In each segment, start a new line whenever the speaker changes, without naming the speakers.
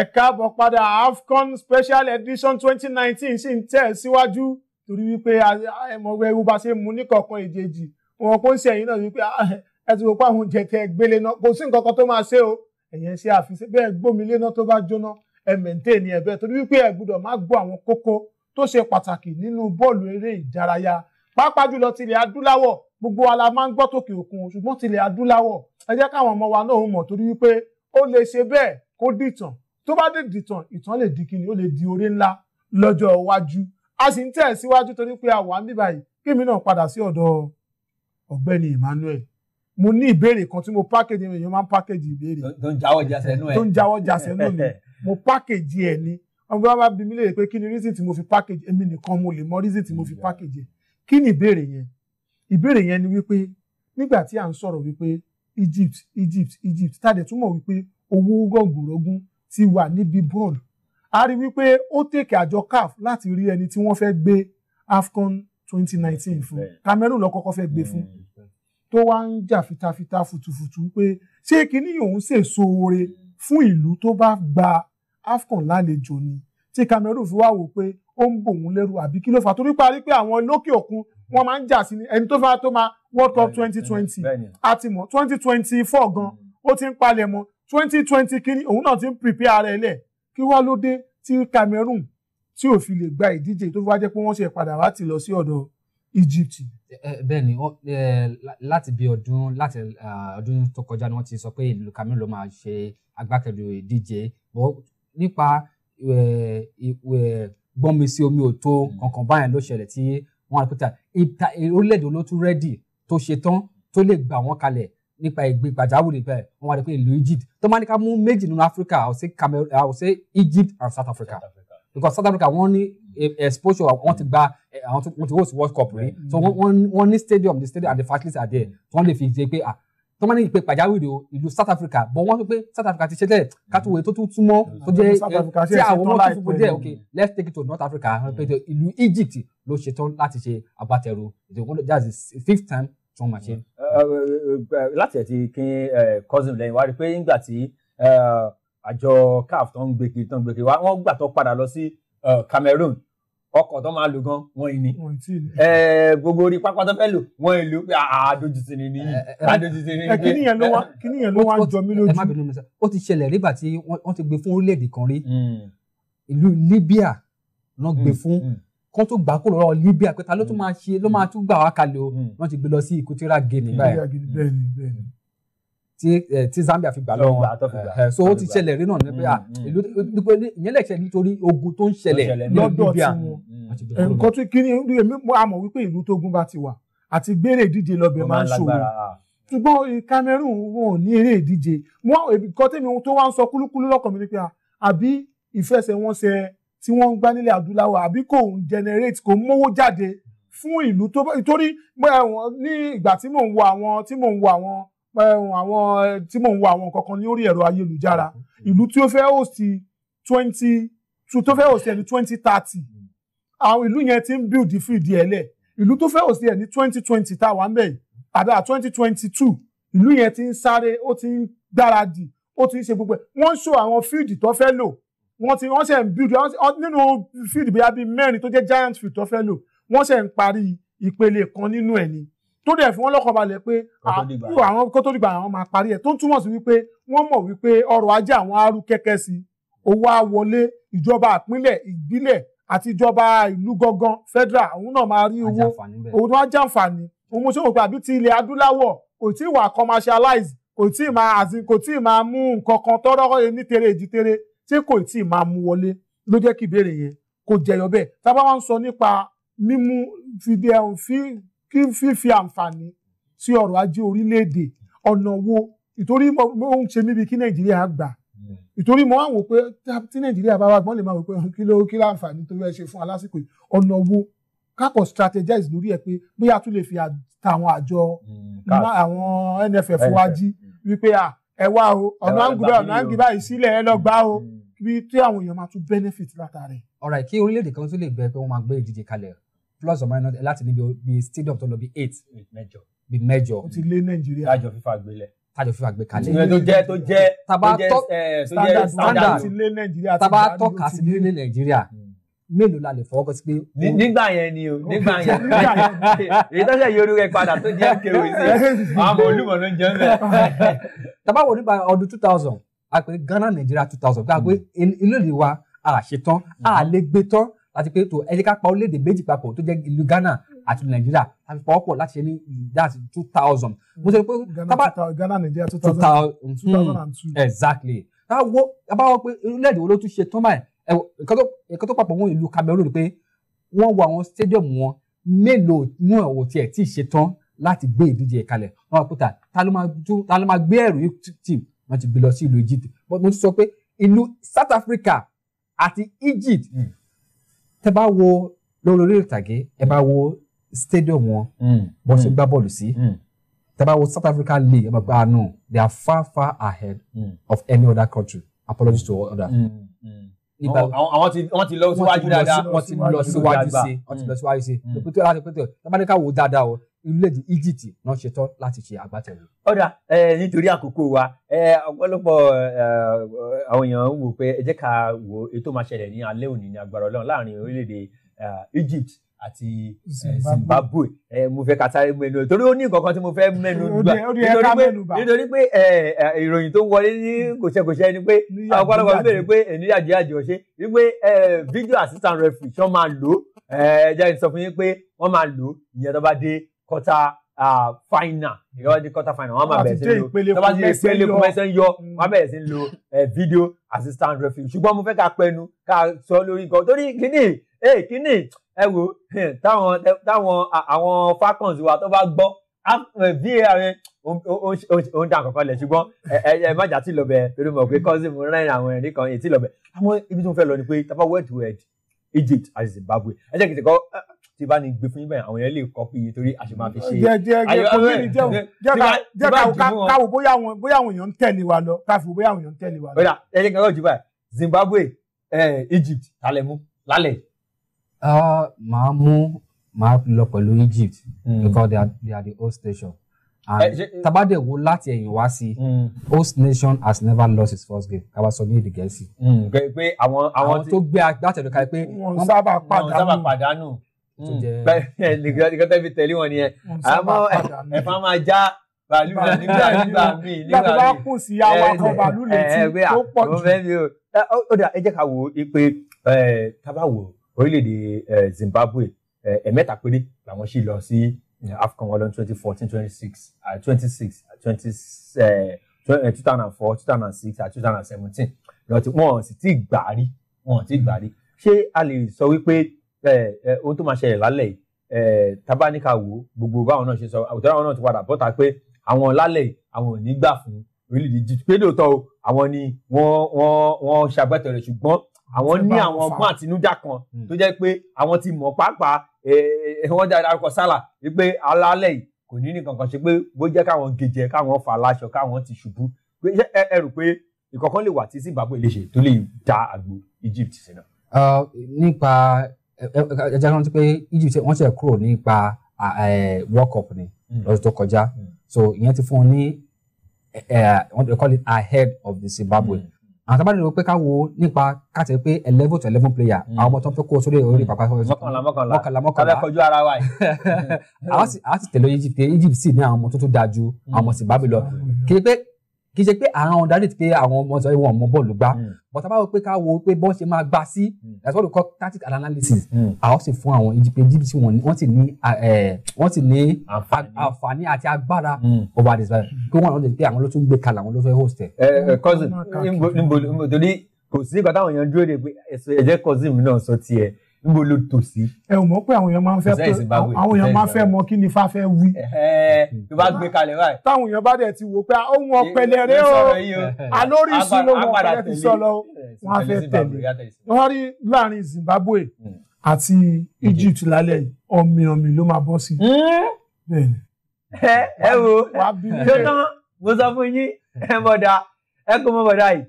ẹ káàbọ̀ padà AFCON special edition 2019. nineteen sì ń tẹ̀ síwájú torí wípé ẹmọ̀wé ewu bá ṣe mú níkọ̀ọ̀kan èjèèjì wọn kò ń ṣe ẹ̀yìn náà wípé ah, ẹ ti rò pé àwọn oúnjẹ tẹ ẹ gbélé náà kò sí nǹkan kan tó máa ṣe o ẹ̀yẹn ṣe àfihàn bẹ́ẹ̀ gbómi lé náà tó bá jóná ẹ mẹ̀ǹtẹ́ ni ẹ̀bẹ̀ torí wípé ẹ gbọ́dọ̀ má gbọ́ àwọn kókó tó ṣe pàtàkì nínú bọ́ọ̀lù eré ìdárayá pàápàá jùlọ tilẹ̀ adúláwọ̀ gbogbo wa la máa ń gbọ́ tòkè òkun ṣùgbọ́n tilẹ̀ adúláwọ̀ ẹ jẹ́ káwọn ọmọ wa náà mọ̀ torí wípé ó lè ṣe bẹ́ẹ̀ kó dìtàn tó bá dé dìtàn ìtàn lè di kíni ó lè di oore ńlá lọ́jọ́ iwájú a sì ń tẹ̀ síwájú torí pé a wà ń bíbà yìí kí mi náà padà sí ọ̀dọ̀ ọ̀gbẹ́ni Emmanuel mo ní ìbéèrè kan tí mo pákéjì mi èèyàn máa ń pákéjì ìbéèrè
tó ń jáwọ́ jáse nú ẹ̀ tó ń jáwọ́
jáse nú mi mo pákéjì ẹ̀ ní ọmọ bá bí mi léèrè pé kí ni reason tí mo fi pákéjì èmi nìkan mo lè mọ reason tí mo fi pákéjì kí ni ìbéèrè yẹn ìbéèrè yẹn ni wípé nígbà tí à ń sọ̀rọ̀ wípé Egypt Egypt Egypt tàdé túmọ̀ wípé owó gọ̀gùrọ̀gùn ti wà níbi bọ́ọ̀lù a rí wípé ó tèkè àjọ CAF láti rí ẹni tí wọ́n fẹ́ gbé AFCON 2019 fún Cameroon ló kọ́kọ́ fẹ́ gbé fún mm. tó wá ń jà fitafita futufutu pé ṣé kinní òun ṣèso oore fún ìlú tó bá gba AFCON lálejò ni tí Cameroon fi wá wò pé ó ń bò wọ́n lẹ́rù àbí kí ló fà torí parí pé àwọn lókè òkun wọ́n máa ń jà sí ẹni tó fà tó máa World Cup 2020 àti mọ̀ 2024 gan mm. ó ti ń palẹ̀ mọ́ twenty twenty kínní òun náà ti ń prepare ara ẹ lẹ̀ kí wá ló dé tí Cameroon tí ò fi lè gba ìdíje tó fi wá jẹ́ pé wọ́n ṣe padà wá ti lọ sí ọ̀dọ̀ Egypt.
bẹ́ẹ̀ ni láti bí ọdún láti ọdún tó kọjá ni wọ́n ti sọ pé ìlú Cameroon ló máa ṣe agbákẹ́dù ìdíje bọ́ nípa gbọ́nmi sí omi ò tó kankan báyẹn ló ṣẹlẹ̀ tí wọ́n á pété orílẹ̀-èdè olótú rẹ́dì tó ṣe tán tó lè gbà wọ́n kalẹ̀ nípa ìgbé pàjáwìrì bẹ́ẹ̀ wọ́n wá rí pé ìlú Egypt tó máa ní ká mú méjì nínú Africa I would say Cameroon I would say Egypt and South Africa because South Africa wọ́n ní eh, exposure wọ́n ti gba eh, àwọn tó ti host World Cup rí mm-hmm. so wọ́n ní stadium the stadium and the facilities are there tí wọ́n lè fi ṣe pé ah tó máa ní ìpè pàjáwìrì o ìlú South Africa bọ̀ wọ́n sọ pé South Africa ti ṣe tẹ́lẹ̀ kátówé tó tún túmọ̀ mm-hmm. tó jẹ́ eh, tí àwọn ọmọ tó fún jẹ́ ok let's take it to North Africa ìlú mm-hmm. Egypt ló ṣetán láti ṣe agbátẹrù ìdókòlò that's the fifth time tún máa ṣe. Mm.
láti ẹ̀ ti kín cousin lẹ́yìn wá rí i pé nígbà tí àjọ caf tó ń gbèkè tó ń gbèkè wá wọ́n gbà tó padà lọ sí Cameroon ọkọ̀ tó máa lò gan wọ́n yìí ni gbogbo orí pápá tó fẹ́ lò wọ́n yìí lò pé àdójútì ni nìyí
àdójútì
ni nìyí. kíní yẹn ló wá
kíní yẹn ló wá jọ mí lójú. ẹ má bínú mi sá ó ti ṣẹlẹ̀ nígbà tí wọ́n ti gbé fún orílẹ̀-èdè kan rí mm. ìlú Libya náà gbé mm, fún kán tó gbà kúrò lọ́wọ́ Libya pé ta ló tún hmm. máa ṣe ló máa tún gbà wá kalẹ̀ o hmm. wọ́n ti gbé lọ sí Equatorial Guinea báyìí eh, tí Zambia fi gbà lọ wọn eh, so ó ti ṣẹlẹ̀ rí náà níbi à hmm,
ah, ìlú ìyẹn lè ṣe nítorí ogun tó ń ṣẹlẹ̀ lọ́dọ̀ tí wọn eh, nǹkan tó kiri èmi àmọ̀ wípé ìlú tó gun bá ti wà àti gbére ìdíje lọ́bẹ̀ máa ń ṣòro ah. ṣùgbọ́n Cameroon wọn ò ní eré ìdíje nǹkan tẹ̀mí ohun tó wá ń sọ kúlúkúlú lọ́kàn mi ni pé ah, àbí ìfẹsẹ̀wọnsẹ̀ tí wọ́n ń gbá nílẹ̀ adúláwọ̀ àbí kò ń generate kò ń mówó jáde fún ìlú tó bá torí eh, ní ìgbà tí mò ń wo àwọn tí mò ń wo àwọn eh, àwọn tí mò ń wo àwọn kankan lórí ẹ̀rọ ayélujára ìlú tí ó fẹ́ host twenty tó fẹ́ host ẹni twenty thirty àwọn ìlú yẹn ti ń build fìdí ẹ̀ lẹ̀ ìlú tó fẹ́ host ẹ̀ ní twenty twenty tá a wà ń bẹ̀ àdá twenty twenty two ìlú yẹn ti ń sáré ó ti ń gbáradì ó ti ń ṣe gbogbo ẹ̀ wọ́n ń ṣó àwọn fíìdì tó fẹ́ lò wọ́n ti wọ́n ṣe ń build nínú field bóyá bíi mẹ́rin tó jẹ́ giant field tó fẹ́ lò wọ́n ṣe ń parí ìpele kan nínú ẹ̀ ni tó dẹ̀ fún wọn lọ́kàn balẹ̀ pé àwọn kó tó dìgbà àwọn máa parí ẹ̀ tó ń túmọ̀ sí wípé wọ́n mọ̀ wípé ọrọ̀ ajé àwọn arú kẹ́kẹ́ sí owó á wọlé ìjọba àpínlẹ̀ ìbílẹ̀ àti ìjọba ìlú gangan federal òun náà máa rí owó òun náà jàǹfààní òun mo ṣe òpè àbí ti ilẹ̀ adúláwọ̀ kò tí ì wà commercialize kò tí ì máa àzín kò tí mú nǹkan kan tọ́rọ́ ní tere ìdí tere tí kò tí ì máa mú wọlé ló jẹ́ kí ìbéèrè yẹn kó jẹyọ bẹ́ẹ̀ tábà wá ń sọ nípa mímú fífi àǹfààní sí ọrọ̀ ajé orílẹ̀-èdè ọ̀nà wo ìtorí ó ń ṣe mí bí kí nàìjíríà gbà ìtorí mo wá wò pé tí nàìjíríà bá wà gbọ́n lè máa wò pé kí ló kí láǹfààní tó fẹ́ ṣe fún alásìkò yìí ọ̀nà wo kákọ̀ strategize lórí ẹ̀ pé bóyá tún lè fi àwọn àjọ hmm, àwọn NFF wájú wípé ẹ wá o ọ̀nà àǹgùbá ọ̀nà àǹgùbá yìí ẹ lọ gbá o. Mm bí tí àwọn èèyàn máa tún benefit látàrí.
alright kí orílẹ̀-èdè kan tún lè gbẹ pé wọ́n máa gbé ìdíje kalẹ̀ plus or minus eh, láti níbi bíi stadium tó lọ bíi eight mẹ́jọ bíi mẹ́jọ. o ti lé nàìjíríà. tájọ fífa gbélé. tájọ fífa gbé kalẹ̀. ìyẹn tó jẹ́ tó jẹ́ eh, tó jẹ́ standard standard ti lé nàìjíríà. taba tọ́ka sí lílé nàìjíríà hmm. mélòó la lè fọwọ́ kọ́ sí pé. nígbà yẹn ni o nígbà yẹn
èyí tó ṣe yorù rẹ padà tó
jẹ́ kéwì sí i àwọn olùmọ̀ ló ń jẹun bẹ́ẹ̀. taba wo nípa ọdún two thousand a pè Ghana Nigeria two thousand gbà pé ilé ìlú wa a ṣe tán a lè gbé tán láti pé tó ẹ jẹ́ ká pa orílẹ̀-èdè méjì papọ̀ tó jẹ́ ìlú Ghana àti Nàìjíríà àti pọ̀pọ̀ láti ṣe ní that two thousand. mo sọ pé tábà Ghana Nigeria two thousand two thousand and two. exactly táwọ tábà wọ pé orílẹ̀-èdè wo ló tún ṣe tán báyìí ẹ̀kọ́ tó papọ̀ wọn ìlú Cameroon pé wọ́n wọ àwọn stadium wọn mélòó nú ẹ̀wọ̀ tiẹ̀ tí ì ṣe tán láti gbé ìdíje ìkalẹ̀ wọn pé ta ló máa gbé ẹ̀rù yìí tì wọ́n ti gbé lọ sí ìlú Egypt but mo ti sọ pé ìlú South Africa àti Egypt hmm. tẹ́ bá wo lórí orí ìtàgé ẹ bá wo stadium wọn hmm. bọ́n ṣe hmm. gbá bọ́ọ̀lù sí tẹ́ bá wo South Africa league ẹ bá àánú they are far far ahead of any other country apologies to all others. Mm. Mm
àwọn ti wọ́n ti lọ síwájú dáadáa wọ́n ti lọ síwájú sí wọ́n ti lọ síwájú sí lópin
tó láti pété ọ tábàdé ká wò ó dáadáa o orílẹ̀-èdè Egypt náà ṣetán láti ṣe agbátẹrù.
ọ̀dà nítorí àkókò wa ọ̀pọ̀lọpọ̀ àwọn èèyàn ń wò pé ẹ jẹ́ ká wo ètò máa ṣẹlẹ̀ ní alẹ́ òní ní agbára ọlọ́run láàrin orílẹ̀-èdè Egypt àti Zimbabwe mo fẹ́ ka sáré mẹ́nu ẹ̀ torí ó ní nǹkan kan tí mo fẹ́ mẹ́nu gbà nítorí pé ìròyìn tó wọlé ní kòṣẹ́kòṣẹ́ ni pé ọ̀pọ̀lọpọ̀ ń béèrè pé ènìyàn àjẹ́ àjẹ́ ṣe wípé video assistant referee ṣọ́ máa lò ó ẹ jẹ́ n sọ fún yín pé wọ́n máa lò ìyẹn tó bá dé quarter uh, final ìrọ́ di quarter final wọ́n máa bẹ̀rẹ̀ sí lo tó bá ti dé ìpele fún mẹ́sẹ̀ ń yọ mm. wọ́n bẹ̀rẹ̀ sí lo eh, video assistant referee ṣùgbọ́n mo fẹ́ ká pẹnu ká sọ lórí nǹkan torí kíní eh, ẹ kíní ẹ wo táwọn táwọn àwọn falcons wa tó bá gbọ́ var òun dà kankan lẹ̀ ṣùgbọ́n ẹ má jà tí lọ bẹ̀ torí mọ̀ pé cousin mo rẹ́rìn àwọn ẹ̀rí kan èyí tí lọ bẹ̀ àwọn ibi tí mo fẹ́ lọ ni pé tá bá word to word Egypt àti Zimbabwe ẹ jẹ́ kí n ti kọ́ tí bá ní gbé fún yín bẹ́ẹ̀ àwọn yẹn lè kọ́ pé iye torí àṣẹ máa fi ṣe ayọ̀kọ́lẹ́
jẹ́ káwọ bóyá àwọn bóyá àwọn èèyàn ń tẹ̀lé wa lọ káfí bóyá àwọn èèyàn ń tẹ̀lé wa lọ. ọ̀dà ẹ jẹ́ kí n kọ́ jù báyìí Zimbabwe Egypt talẹ̀ mú lálẹ́.
Ah, máa mú máa lọ pẹ̀lú Egypt hmm. because they are, they are the host nation. Eh, tabade wo láti ẹ̀yìn wá sí hmm. host nation has never lost its first game kaba sọ ní èdè gẹ̀ẹ́sì. Hmm,
pé àwọn àwọn tó gbé agbátẹ̀lú kalẹ̀
pé wọ́n sábà pàdánù
tó hmm. jẹ́ bẹ́ẹ̀ eh, nìkan tẹ́ fi tẹ̀lé wọn nìyẹn àmọ́ eh, ẹ̀fọn máa já bàálù náà
nígbà nígbà
míì nígbà míì nígbà tó bá kù sí awakọ̀ bàálù létí ah, tó pọ̀ jù. ó oh, oh, dà ẹ jẹ́ ká wò ó pé tá bá wò orílẹ̀-èdè Zimbabwe ẹ̀mẹ́ta péré làwọn sì lọ sí you know, AFCON ọdún twenty fourteen twenty six uh, twenty six uh, twenty uh, two thousand four two thousand six àti two thousand seventeen lọ́tí wọ́n sì ti gbà rí wọ́n ti gbà rí ṣé a lè sọ wípé ohun tó máa ṣẹlẹ̀ lálẹ́ yìí tabaníkà wo gbogbo báwọn náà ṣe sọ àwùjọ àwọn náà ti padà bọ́ta pé àwọn lálẹ́ yìí àwọn ò ní gbà fún orílẹ̀-èdè jíjí pé lóòótọ́ àwọn ni wọ́n wọ́n wọ́n ṣàgbàtọ̀ rẹ̀ ṣùgbọ́n àwọn ní àwọn ọgbọ́n àtinúdá kan hmm. tó jẹ́ pé àwọn ti mọ̀ pàápàá eh, eh, wọ́n dáadáa kọ sálà wípé alálẹ̀ yìí kò ní nìkan kan ṣe pé bó jẹ́ káwọn gèjẹ káwọn fà láṣọ káwọn ti ṣubú ẹ pé ìkọ̀kan lè wà tí Zimbabwe lè ṣe tó
lè da àgbo Egypt sínú. Ah, nípa ẹja kan ti pé Egypt wọ́n ti ẹ̀ kúrò nípa World Cup ni hmm. lọ́dún tó kọjá hmm. so ìyẹn ti fún wọn ní they call it ahead of the Zimbabwe. Mm àwọn tábà nílò pé ká wo nípa ká tẹ̀ pé eleven to eleven player hmm. àwọn ọmọ tó ń fẹ́ kó sórí orí pàpà hmm. mọ́kànlá mọ́kànlá mọ́kànlá mọ́kànlá kọjú ara wa yìí. àwọn sì tẹ̀lé Egypt Egypt sì ní àwọn ọmọ tó tó dáa ju hmm. àwọn ọmọ Zimbabwe lọ kí pé kì í ṣe pé àwọn ọ̀dàdì pé àwọn ọmọ sọ wọn ọmọ bọ́ọ̀lù gbá hmm. but abáwo pé ká wo pé bọ́ọ̀ ṣe máa gbá sí hmm. that's what we call tactical analysis àwọn hmm. sì fún àwọn ìdíje jìbìtì wọ́n sì ní wọ́n sì ní eh, àǹfààní àti agbára over this time pé wọ́n àwọn ọ̀dàdì pé àwọn ló tún gbé kalẹ̀ àwọn ló fẹ́ host ẹ̀. ẹ
eh, ẹ eh, cousin níbo
níbo torí kò
sí ìgbà táwọn èèyàn dúró de pé ẹ jẹ́ cousin mi náà sọ tiẹ̀
níbo ló tò sí. ẹ o mọ̀ pé àwọn èèyàn
máa ń fẹ́ àwọn èèyàn máa ń
fẹ́ mọ̀ kí ni fa fẹ́ wí. tó bá gbé kalẹ̀ báyìí. táwọn èèyàn bá dẹ̀ ti wò pé ah, ohun ọ̀pẹ̀lẹ̀ rẹ o alórí ìṣúná wọn ọ̀pẹ̀lẹ̀ ti sọ lọ wọn á fẹ́ tẹ̀lé. wọ́n rí láàrin Zimbabwe hmm. àti Egypt lálẹ́ yìí ọ̀mì ọ̀mì ló máa bọ́ sí. Hmm? ẹ wo tó tán mo sọ fún yín ẹ mọ̀ dá ẹ kò mọ̀ bọ̀dá yìí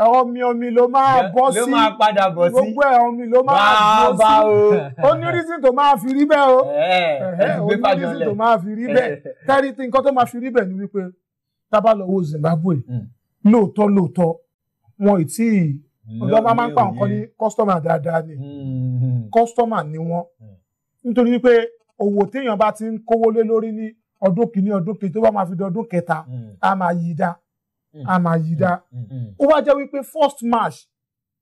omi omi ló máa bọ́ sí ló máa padà bọ́ sí gbogbo ẹ̀ omi ló máa bọ́ sí ó ní reason tó máa fi rí bẹ́ẹ̀ o ó ní reason tó máa fi rí bẹ́ẹ̀ tẹ́rí tí nǹkan tó máa fi rí bẹ́ẹ̀ ni wípé tábà lọ wo Zimbabwe hmm. lóòótọ́ lóòótọ́ wọn ì tí hmm. ọ̀dọ́ máa máa ń pa nǹkan ní kọ́sítọ́mà dáadáa ni kọ́sítọ́mà hmm. ni wọ́n nítorí wípé owó téèyàn bá ti ń kówó lé lórí ní ọdún kìíní ọdún kejì tó bá máa fi di ọdún kẹta á máa yí dáa Mm. a máa yí dá mm, mm, ó wá jẹ́ wípé first match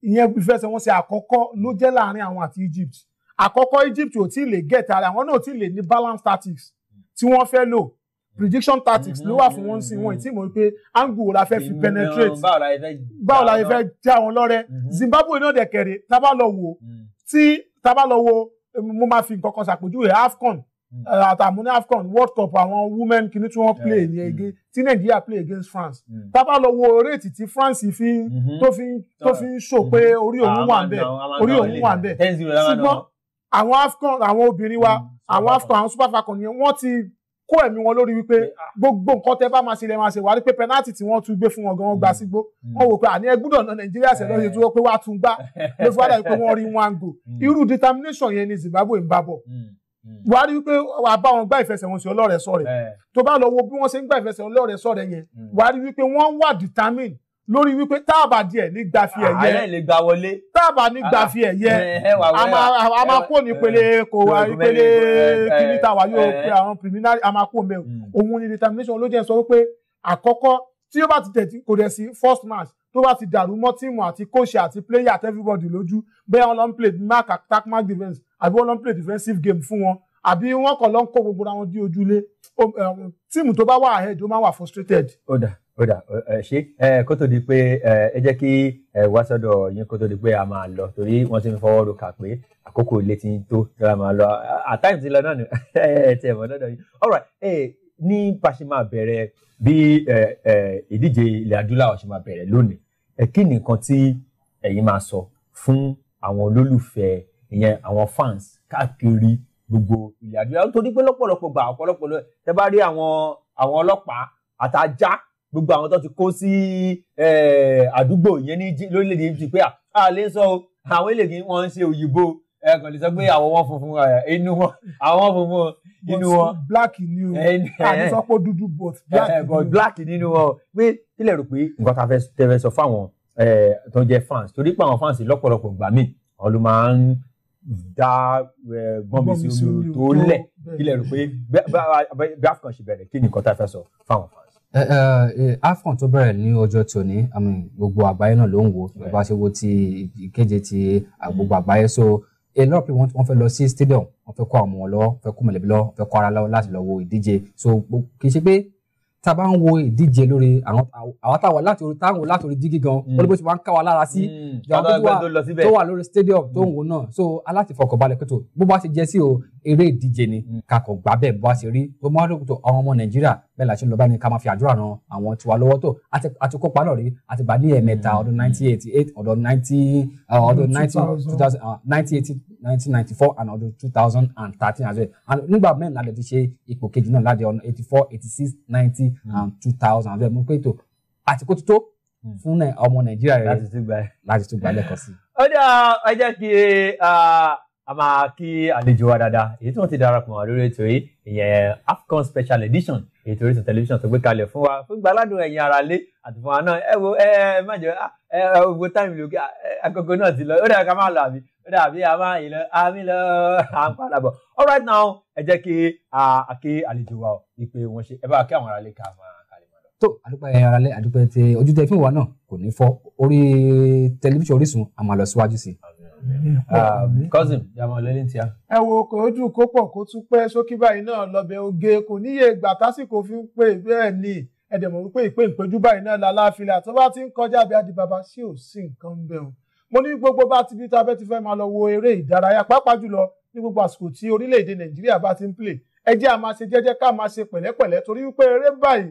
ìyẹn ìfẹsẹ̀wọnsẹ̀ àkọ́kọ́ ló jẹ́ láàrin àwọn àti Egypt àkọ́kọ́ Egypt ò tí ì lè get ara àwọn náà ò tí ì lè ní balance tactics tí wọ́n fẹ́ lò prediction tactics ló wà fún wọn sí wọn tí mo pé angle la fẹ́ fi penetrate báwo la fẹ́ já wọn lọ́rẹ́ mm-hmm. Zimbabwe náà dẹ̀ kẹ̀rẹ̀ tábà lọ wò tí tábà lọ wò mo máa fi nǹkan kan ṣàpèjúwe AFCON Hmm. Eh, àtàmú ní AFCON World Cup àwọn women kìíní tí wọ́n play ní ege tí Nàìjíríà play against France hmm. tábà lọ wo réètì ti France fi tó fi mm-hmm. tó fi ń sọ pé mm-hmm. orí òun ah, wà ńbẹ̀ orí òun wà ńbẹ̀ ṣùgbọ́n àwọn AFCON àwọn obìnrin wa hmm, àwọn AFCON àwọn Super Falcon yẹn wọ́n ti kó ẹ̀mí wọn lórí wípé ah. gbogbo nǹkan tẹ́ bá máa ṣe lẹ́ máa ṣe wà á rí pé penalty tí wọ́n tún gbé fún wọn gan wọ́n gba sígbó wọ́n wò pé àní ẹ gbúdọ̀ náà Nàìjíríà ṣẹ̀dọ̀ ṣe dúró pé wàá tún gbá ló fi wọ́n rí one go irú determination yẹn ni Zimbabwe ń bá bọ̀ buhari hmm. wípé wàá bá wọn gbá ìfẹsẹ̀wọnsẹ̀ ọlọ́rẹ̀ sọ̀rẹ̀ tó bá lọ wo bí wọ́n ṣe ń gbá ìfẹsẹ̀wọnsẹ̀ ọlọ́rẹ̀ sọ̀rẹ̀ yẹn buhari hmm. wípé wọ́n wà determine lórí wípé táàbà díẹ̀ ní gbafi ah, ẹ̀yẹ ààrẹ lè gba wọlé táàbà ní gbafi ah, ẹ̀yẹ eh, eh, a máa eh, kó ní pele kò wá ìpele kìlítà wà yóò pe àwọn preliminary a máa kó mẹ́ hmm. òun ni determination ló jẹ́ sọ wípé àkọ́kọ́ tí ó bá ti tẹ̀ kò dẹ̀ sí first match tó bá ti dàrú mọ́ tíìmù àti kóòṣì àti player àti everybody lójú bẹ́ẹ̀ wọ́n lọ ń play mark attack mark defence àbí wọ́n lọ ń play defensive game fún wọn àbí wọ́n kàn lọ ń kó gbogbo àwọn dí ojúlé tíìmù tó bá wà ahead ó máa wà frustrated.
ó dà ó dà ṣé kó tó di pé ẹ jẹ́ kí ẹ wá sọ́dọ̀ yín kó tó di pé a máa lọ torí wọ́n ti ń fọwọ́ ro kà pé àkókò ilé ti ń tó tí a máa lọ àtàyè ti lọ náà nù ẹ ti ẹ̀ mọ́ lọ́dọ̀ yìí all right ní bá ṣe máa bẹ̀rẹ̀ bí ìdíje ilẹ̀ adúláwọ̀ ṣe máa bẹ̀rẹ̀ lónìí ẹ kí nìkan tí ẹ̀yin máa sọ fún àwọn olólùfẹ́ ìyẹn àwọn fans káàkiri gbogbo ilẹ̀ adúláwọ̀ torí pé lọ́pọ̀lọpọ̀ gbà ọ̀pọ̀lọpọ̀ tẹ bá rí àwọn àwọn ọlọ́pàá àtajá gbogbo àwọn tó ti kó sí àdúgbò yẹn ní lórílẹ̀‐èdè Egypt pé à lè sọ àwọn eléyìí wọ́n ń ṣe òyìnbó ẹ kò lè sọ pé àwọn wọn funfun inú wọn àwọn funfun inú wọn. black ni o àti sọpọ
dúdú but black ni o. black
nínú wọn pé tílẹ̀ rò pé nǹkan tá a fẹ́ sọ fáwọn tó ń jẹ́ fans torí pé àwọn fans lọ́pọ̀lọpọ̀ gbà mí àwọn ló máa ń dá gbọ́nmi sí omi tó lẹ̀ tílẹ̀ rò pé bí afcon ṣe bẹ̀rẹ̀ kí ni nǹkan tá a fẹ́ sọ fáwọn fans.
AFCON tó bẹ̀rẹ̀ ní ọjọ́ tòní gbogbo àgbáyé náà ló ń wo bá ṣe wo ti ìkéje ti gbogbo àgbáyé so. Uh, a lot of people wọ́n fẹ́ lọ sí stadium wọ́n fẹ́ kó àwọn ọmọ wọn lọ́wọ́ fẹ́ kó mọ̀lẹ́bí lọ́wọ́ fẹ́ ara lọ́wọ́ láti lọ wo ìdíje so kì í ṣe pé tá a bá ń wo ìdíje lórí àwọn àwọn táwọn láti orí táwọn láti orí dígí gan hmm. ó ní bó ti máa ń ká wa lára sí ìjọba hmm. tó wà lórí stadium tó ń hmm. wo náà so aláti fọkànbalẹ̀ pẹ̀tọ̀ bó bá ti jẹ́ sí o eré ìdíje ni mm. kakọ̀ gbà bẹ́ẹ̀ bó a ṣe rí gbogbo àwọn àdókòtò àwọn ọmọ nàìjíríà bẹ́ẹ̀ la ṣe ń lọ báyìí ká máa fi àdúrà ran àwọn tiwa lọ́wọ́ tó àti kópa náà rí àti gbà ní ẹ̀ẹ̀mẹ́ta mm. ọdún nineteen eighty eight ọdún nineteen uh, ọdún uh, nineteen eighty nineteen ninety four and ọdún two thousand and thirteen as well and nígbà mẹ́rin la lè ti ṣe ipò kejì náà láti ọdún eighty four eighty six ninety mm. and two thousand as well mo pé ètò àtikó tó fún ọmọ nàìjíríà rẹ láti tún gba ẹlẹ́kọ̀ọ́ sí.
ó jẹ́ kí uh, a máa kí àlejò wa dáadáa èyí tí wọ́n ti darapọ̀ wá lórí ètò yìí ìyẹn AFCON special edition èyí tí Orísun tẹlifíṣàn tó gbé kalẹ̀ fún wa fún gbaládùn ẹ̀yin ara lé àti fún wa náà ẹ wo ẹ ẹ má jẹ ah, ẹ ẹ wo táìmù lókè agogo náà ti lọ ó dàbí ká má lọ àbí ó dàbí a má yìí lọ àmì lọ à ń padà bọ̀ all right now ẹ jẹ́ kí a kí àlejò wa ìpè wọn ṣe ẹ bá kí àwọn ara lé ká máa kalẹ̀ mọ́ lọ. tó àdúpẹ́
ẹ̀yin ara lé àdúpẹ́ tí ojú tẹ fún wa náà kò ní fọ́ orí tẹlifíṣàn Orísun a sí i. Um, cousin yàmọ̀ lẹ́yìn tí a.
ẹ wo kò ojú kó pọ̀ kó tún pẹ́ sókí báyìí náà lọ́bẹ̀ oge kò níye ìgbà tásìkò fi ń pè bẹ́ẹ̀ ni ẹ̀dẹ̀ mọ̀ wípé ìpè ìpéjú báyìí náà lálàáfíà tó bá ti ń kọjá bí adìbàbà sí ò sí nǹkan bẹ́ẹ̀ o. mo ní gbogbo bá ti bí tá a fẹ́ ti fẹ́ máa lọ wo eré ìdárayá pàápàá jùlọ ní gbogbo àsìkò tí orílẹ̀-èdè nàìjíríà bá ti ń play ẹ jẹ́ a máa ṣe jẹ́jẹ́ ká máa ṣe pẹ̀lẹ́pẹ̀lẹ́ torí wípé eré báyìí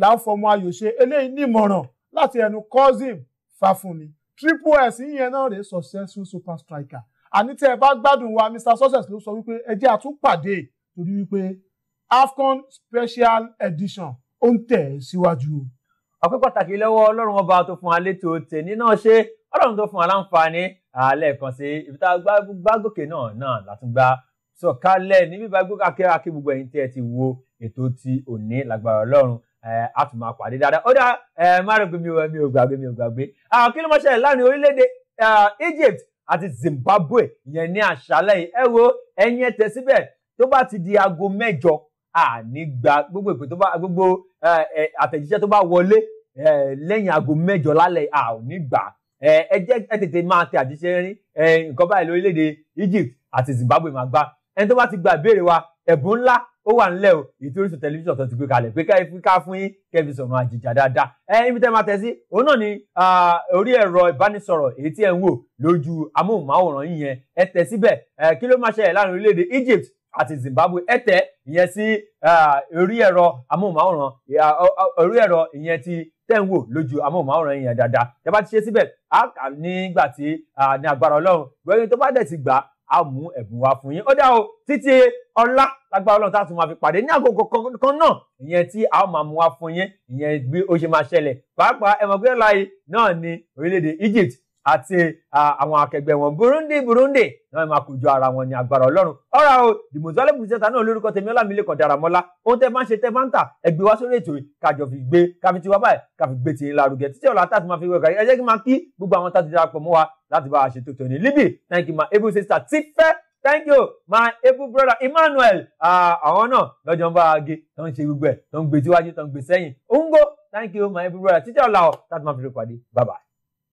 là ń fọmọ ayò ṣe eléyìí nímọ̀ràn láti ẹnu cousin Fáfúnmi triple s yẹn náà rèé successful super striker àní tí ẹ bá gbádùn wa mr success ló sọ wípé ẹ jẹ́ àtúnpàdé torí wípé afcon special edition ó ń tẹ̀ síwájú. ọpẹ́ pàtàkì lọ́wọ́ ọlọ́run ọba tó fún alẹ́ tó tèmi náà ṣe ọlọ́run tó fún
aláǹfààní àlẹ́ kan sí ibi tá a gbá gòkè náà náà látúngbà sọ̀kalẹ̀ níbi bá gbókàkẹ́ akébùgbọ̀ ẹ̀yìn tí ẹ ti wo ètò ti òní lágbára ọlọ́run a tún máa pàdé dáadáa ó dá márùnkù mi ò mi ò gbàgbé mi ò gbàgbé àwọn kí ló máa ṣẹlẹ̀ láàrin orílẹ̀-èdè Egypt àti Zimbabwe ìyẹn ní àṣálẹ́ yìí ẹ wo ẹ̀yin ẹ̀ tẹ̀ síbẹ̀ tó bá ti di aago mẹ́jọ ànígbà gbogbo ìpè tó bá gbogbo àtẹ̀jíṣẹ́ tó bá wọlé lẹ́yìn aago mẹ́jọ lálẹ́ ànígbà ẹ jẹ́ ẹ tètè máa tẹ àjíṣẹ́ rí nǹkan báyìí lórílẹ̀‐èdè Egypt àti Zimbabwe máa gbá ẹni tó bá ti gba ìbéèrè wa ẹ̀bùn ńlá ó wà nílẹ̀ o ètò Orísun tẹlifíṣàn tó ti gbé kalẹ̀ pé ká fún yín kẹfì sọ̀rọ̀ àjìjà dáadáa ẹ ibi tẹ́ máa tẹ̀ sí òun náà ni orí ẹ̀rọ ìbánisọ̀rọ̀ èyí tí ẹ ń wò lójú amóhùnmáwòrán yìí yẹn ẹ tẹ̀ síbẹ̀ kí ló máa ṣẹlẹ̀ láàrin orílẹ̀-èdè Egypt àti Zimbabwe ẹ tẹ̀ ìyẹn sí orí ẹ̀rọ amóhùnmáwòrán orí ẹ̀rọ ìyẹn ti tẹ́ ń wò lójú amóhùnmáwòrán yìí yẹn dáadáa tẹ́ bá ti ṣe síbẹ̀ á kà nígbà tí ní agbára Ọlọ́run gbẹ́yìn tó bá dẹ̀ ti gbà á mú ẹ̀bùn wá fún yín ó dá o títí ọlá lágbára ọlọ́run tá a tún máa fi pàdé ní àkókò kan náà ìyẹn tí a ó máa mú wá fún yín ìyẹn bí ó ṣe máa ṣẹlẹ̀ pàápàá ẹ̀mọ̀gbẹ́láyé náà ní orílẹ̀-èdè Egypt àti àwọn akẹgbẹ́ wọn Burundi Burundi náà máa kó jọ ara wọn ní agbára Ọlọ́run ọ̀rọ̀ o dìmọ̀sálẹ̀ pùsẹ̀tà náà lórúkọ tèmi Ọlámilékan Dáramọ́lá ohun tẹ́ máa ń ṣe tẹ́ máa ń tà ẹgbẹ́ wá sórí ètò kájọ fi gbé káfi tiwa báyìí káfi gbé tìyín lárugẹ títí ọ̀la tá máa fi wẹ̀ kárí ẹ kí n máa kí gbogbo àwọn tá a ti darapọ̀ wa láti bá a ṣe tòní Libi thank you my able sister ti fẹ́ thank you my able brother Emmanuel àwọn náà lọ́jọ́ ń bá a gé tó ń ṣe gbogbo ẹ̀ tó ń gbé tíwájú tó ń gbé sẹ́yìn ongo thank you my able brother títí ọ̀la ọ̀ láti máa fi rí pàdé bye bye.